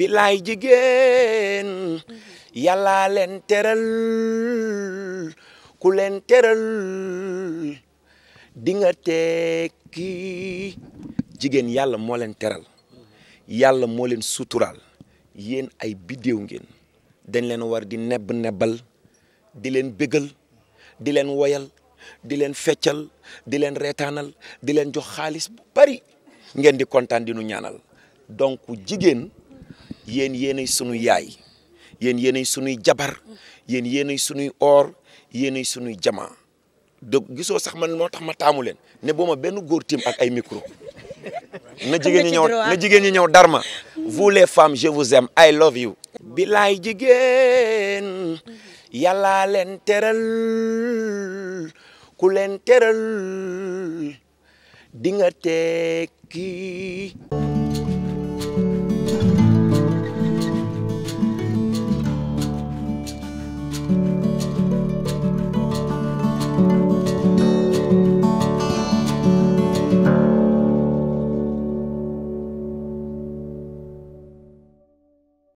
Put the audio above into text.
bilaay jigéen yàlla leen teral ku leen teral di nga tekki jigéen yàlla moo leen teral yàlla moo leen suturaal yéen ay biddéew ngeen dañ leen war di nebb nebbal di leen bégal di leen woyal di leen feccal di leen reetaanal di leen jox xaalis bu bari ngeen di kontaan di nu ñaanal donc jigéen yéen yéenay sunuy yaay yéen yéenay sunuy jabar yéen yéenay sunuy or yéenay sunuy jamaa doc gisoo sax man moo tax ma taamu leen ne boo ma benn góor tiim ak ay micro na jigéen ñi ñëw na jigéen ñi ñëw darma vous les femmes je vous aime I love you bilaay jigéen yàllaa leen teral ku leen teral dinga nga tekki